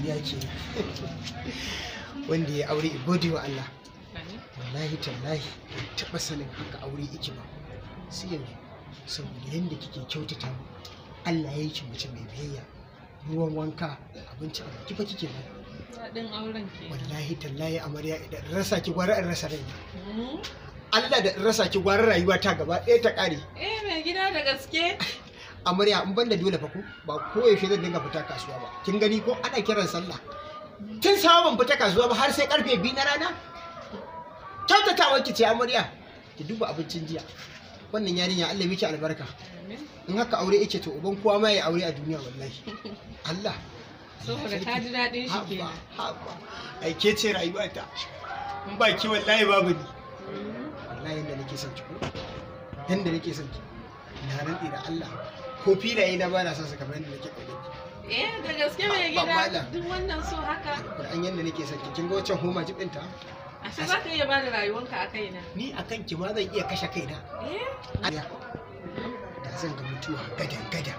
godiya ke wanda ya aure gode wa Allah wallahi tallahi taba sanin haka aure yake ba sai yanzu saboda yadda kike kyautata mu Allah ya yi mace mai biyayya ruwan wanka abinci a kifa kike ba daɗin auren ke wallahi tallahi amarya idan rasa ki gwara in rasa rai hmm? Allah da rasa ki gwara rayuwa ta gaba ɗaya ta ƙare eh mai gida da gaske amarya in banda dole fa ko ba ko yaushe zan dinga fita kasuwa ba kin gani ko ana kiran sallah tun sawa ban fita kasuwa ba har sai karfe biyu na rana tattatawa ki ce amarya ki duba abincin jiya wannan yarinya Allah miki albarka in haka aure yake to uban kowa ma ya aure a duniya wallahi Allah saboda ta ji daɗin shi ke ai ke ce in ba ki wallahi babu ni wallahi nake son ki ko nake son ki na rantsi da Allah ko filaye na bana son su kamar yadda nake ƙaunar eh da gaske mai gida duk wannan so haka Qur'an yanda nake son kin ga wancan homa jibin ta a za ka iya ba bani rayuwanka a kaina ni a kan ki ma zan iya kashe kaina eh da zan ga mutuwa gadan gadan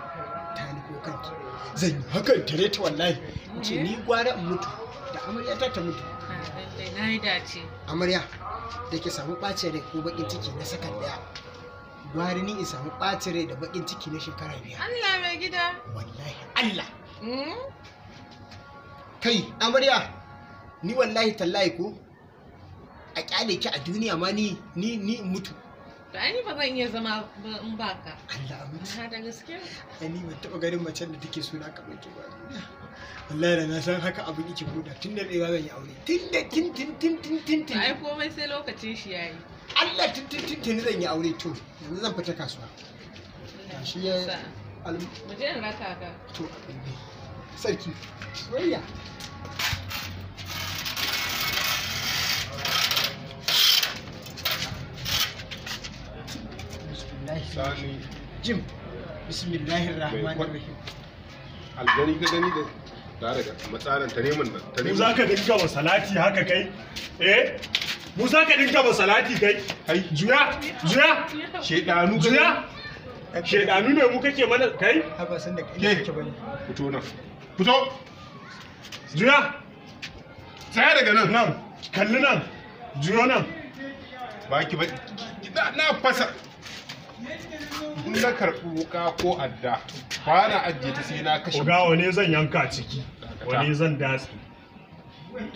ta ni ko kanki zan yi hakan tare ta wallahi ce ni gwara in mutu da amarya ta ta mutu ah, na yi dace amarya da ke samu ɓacin rai ko bakin ciki na sakan daya gwari ni in samu ɓacin rai da baƙin ciki na shekara biyar Allah mai gida wallahi Allah hmm? kai amarya ni wallahi tallahi ko a ƙyale ki a duniya ma ni ni mutu da ni ba zan iya zama in baka Allah amma da gaske ni ban taba ganin macen da take suna kamar ki ba wallahi da na san haka abin yake koda tun da ɗaya zan yi aure tun da tin tin tin tin tin tin ai komai sai lokacin shi yayi Allah tin tin tin tin zan yi aure to yanzu zan fita kasuwa shi ya mu je in raka ka to sarki soyayya sani jim bismillahir rahmanir rahim aljani ka gani da tare da matsalan ta neman nan ta neman za ka dinga wa salati haka kai eh mu za ka dinga wa salati kai kai juya juya shedanu juya shedanu ne mu kake mana kai haba san da kai kake bane fito nan fito juya tsaya daga nan nan kalli nan juyo nan baki ba na fasa in na karɓi wuka ko adda ba na ajiye ta sai na kashe ga wani zan yanka ciki wani zan datsi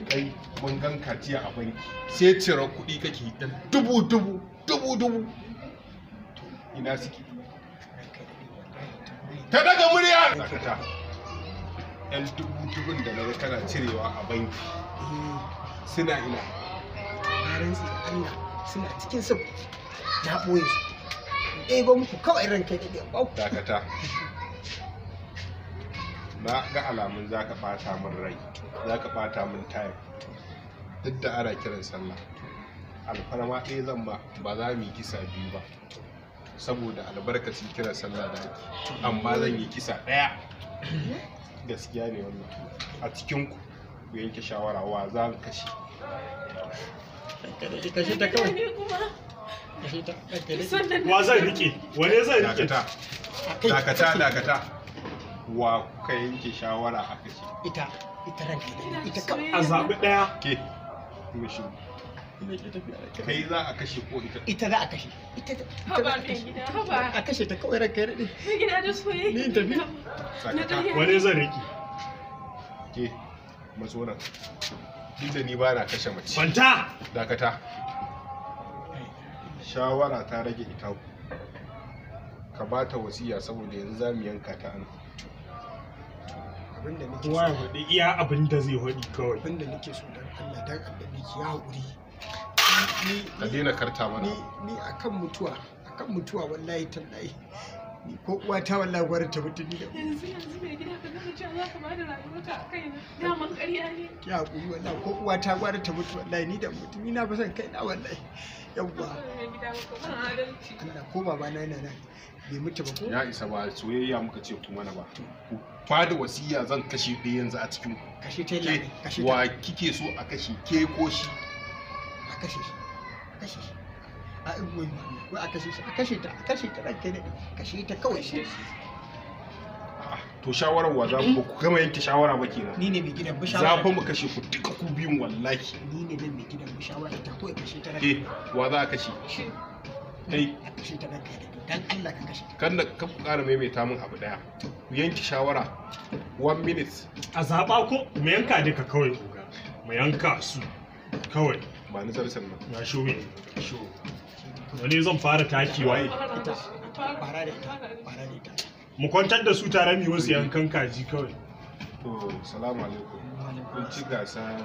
kai mun gan kaciya a banki sai cire kuɗi kake dan dubu dubu dubu dubu ina siki ta daga murya yan dubu dubun da naga kana cirewa a banki suna ina suna cikin sau na ɓoye su ɗebo muku kawai ran kai ɗaya ɓau. Dakata. Na ga alamun za ka ɓata min rai, za ka ɓata min time. Duk da ana kiran sallah. Alfarma ɗaya zan ba, ba za mu yi kisa biyu ba. Saboda albarkacin kiran sallah da ake. Amma zan yi kisa ɗaya. Gaskiya ne wannan. A cikinku ku yanke shawara wa za mu kashe. Kashe ta kawai. wa zan riƙe, wane zan riƙe? dakata dakata dakata wa kuka yanke shawara a kashe? ita ita ranka ita ka a zabi daya ke kuma shi kai za a kashe ko ita ita za a kashe ita haba kai gida haba a kashe ta kawai ranka rade gida da soyayya ni in tafi Dakata, wane zan riƙe? ke matsoran duk da ni ba na kashe mace kwanta dakata shawara ta rage ita ka ba ta wasiya saboda yanzu za mu yanka ta an zai faɗi kawai ka daina karta mana ni akan mutuwa akan mutuwa wallahi tallahi ko uwa ta wallahi gwara ta mutu ni da yanzu yanzu mai gida ka cewa za ka bada a kai na ƙarya ne wallahi ko uwa ta gwara ta mutu wallahi ni da mutu ni na kai na wallahi yawwa Allah ko baba na yana nan bai mutu ba ko ya isa ba soyayya muka ce kuma na ba ku fada wasiya zan kashe ɗaya yanzu a cikin ku kashe ta yi kashe ta wa kike so a kashe ke ko shi a kashe shi kashe shi a igwai ko a kashe shi a kashe ta a kashe ta ranka ne kashe ta kawai shi ah, to shawarar wa za ku gama yanke shawara ba kenan ni ne mai gidan bu shawara za mu kashe ku duka ku biyun wallahi ni ne nan mai gidan bu shawara ta kawai kashe ta ranka eh wa za a kashe kai a kashe ta ranka dan Allah ka kashe kan da ka ƙara maimaita min abu daya yanke shawara one minute a zaba ko mu yanka duka kawai mu yanka su kawai ba ni zarsan nan na shuru shuru wani zan fara taki waye mu kwantar da su tare mai wasu yankan kaji kawai to salamu alaikum kun ci gasar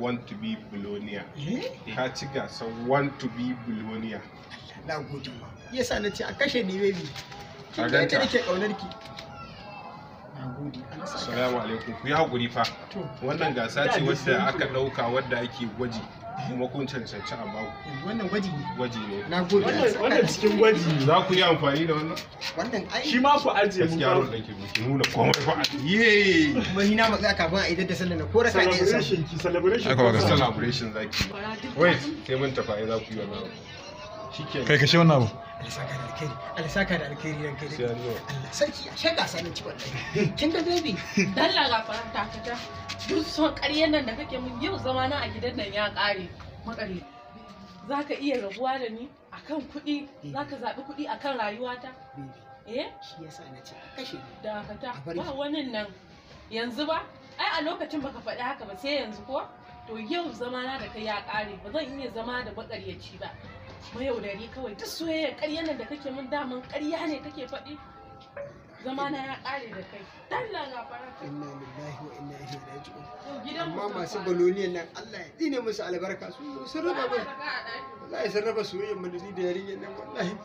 want to be bologna eh? ka ci gasar want to be bologna na gode ma yasa na ce a kashe ni baby kin ga ita nake kaunar ki salamu alaikum ku yi haƙuri fa wannan gasa ce wadda aka ɗauka wadda ake gwaji kuma kun cancanci a baku wannan gwaji ne gwaji ne na gode wannan cikin gwaji za ku yi amfani da wannan wannan ai shi ma ku ajiye mu gaskiya ruwan dake nuna komai fa ye kuma ni na kafin a idan da sallar na ko raka ne celebration ki celebration aka celebration zaki wait sai mun tafi za ku yi wannan shikenan kai ka shi wannan abu alisaka da alkhairi alisaka da alkeri yanke da Allah sarki a sanin ci wannan kin da baby dalla ga faranta ka ta duk son nan da kake mun yau zamana a gidan nan ya ƙare makare za ka iya rabuwa da ni akan kuɗi za ka zaɓi kuɗi akan rayuwata eh shi sa na ce kashe da ka ba wannan nan yanzu ba ai a lokacin baka faɗi haka ba sai yanzu ko to yau na da kai ya ƙare ba zan iya zama da baƙaryaci ba mayaudari kawai duk soyayyar ƙaryen nan da kake mun daman ƙarya ne kake faɗi zamana ya kare da kai na inna lillahi wa inna ilaihi raji'un amma masu baloniyan nan Allah ya tsine musu albarka su sun raba bai wallahi sun raba da yarinyar nan wallahi